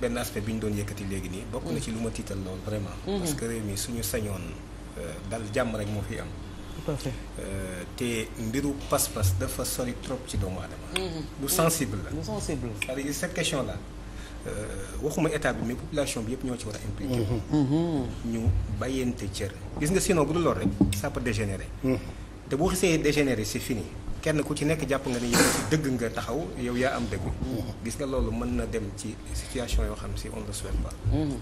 benn aspect bi ñu doon yëkkati léegi nii bokk na mm. ci lu ma tiital loolu vraiment mm-hmm. parce que réew mi suñu sañoon euh, dal jàmm rek moo fi am tout à fait euh, te mbiru pas-pas dafa sori trop ci doomu aadama mm-hmm. lu sensible la lu sensible c'est-à-dire cette question là euh, waxuma état bi mais population bi yëpp ñoo ci war a impliqué mm-hmm. ñu bàyyente cër gis nga sinon bu dul lool rek ça peut dégénérer te boo xisee dégénérer c'est fini kenn ku ci nekk jàpp nga ni dëgg nga taxaw yow yaa am dëgg. gis nga loolu mën na dem ci situation yoo xam si on ne le souhaite pas. Mhm.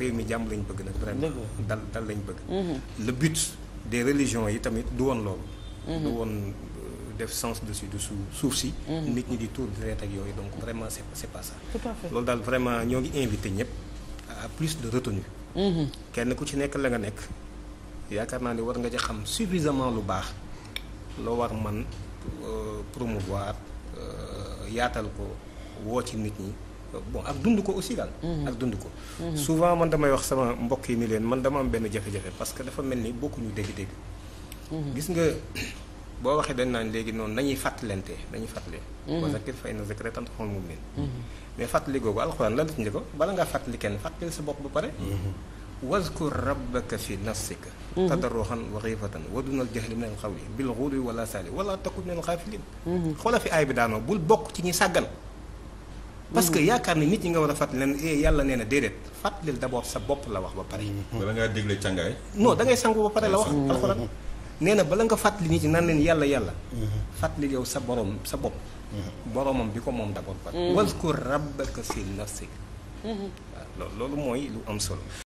réew mi jàmm lañ bëgg nag vraiment. dal dal lañ bëgg. Mhm. le but des religions yi tamit du woon loolu. Mhm. du woon euh, def sens dessus dessous suuf si. nit ñi di tour direct ak yooyu donc vraiment c'est c'est pas ça. tout à fait ñoo ngi invité ñëpp à plus de retenue. kenn ku ci nekk la nga nekk yaakaar naa ni war nga ci xam suffisamment lu baax loo war man Euh, promouvoir euh, yaatal ko woo ci nit ñi boo ak dund ko aussi daal. Mhm. ak dund ko. Mhm. souvent man damay wax sama mbokk yi ni leen man dama am benn jafe-jafe parce que dafa mel ni bokkuñu dégg-dégg. Mhm. gis nga boo waxee dañ naan léegi noonu nañuy fàttalante nañuy fàttali. wa zakkir fa inna zikraa tanfa'ul mu'minin mais fàttali googu alxuraan lan la ci njëkk bala ngaa fàttali kenn fàttali sa bopp ba pare. wazkur rabbaka fi nafsika tadarruhan wa xiifatan wa dunal jahli min al xawli bil xuduwi wala saali wala takun min al xaafilin xoola fi ay bi daanoo bul bokk ci ñi sàggan parce que yaakaar ni nit ñi nga war a fàttali leen eh, yàlla nee na déedéet fàttalil d'abord sa bopp la wax ba pare mm-hmm. bala ngaa dégle càngaay non da ngay sangu ba pare la wax mm-hmm. alxuraan nee na bala nga fàttali nit ñi naan leen yàlla yàlla mm-hmm. fàttalil yow sa borom sa bopp boromam bi ko moom d'abord pare wazkur rabbaka fi nafsika waaw loolu mooy lu am solo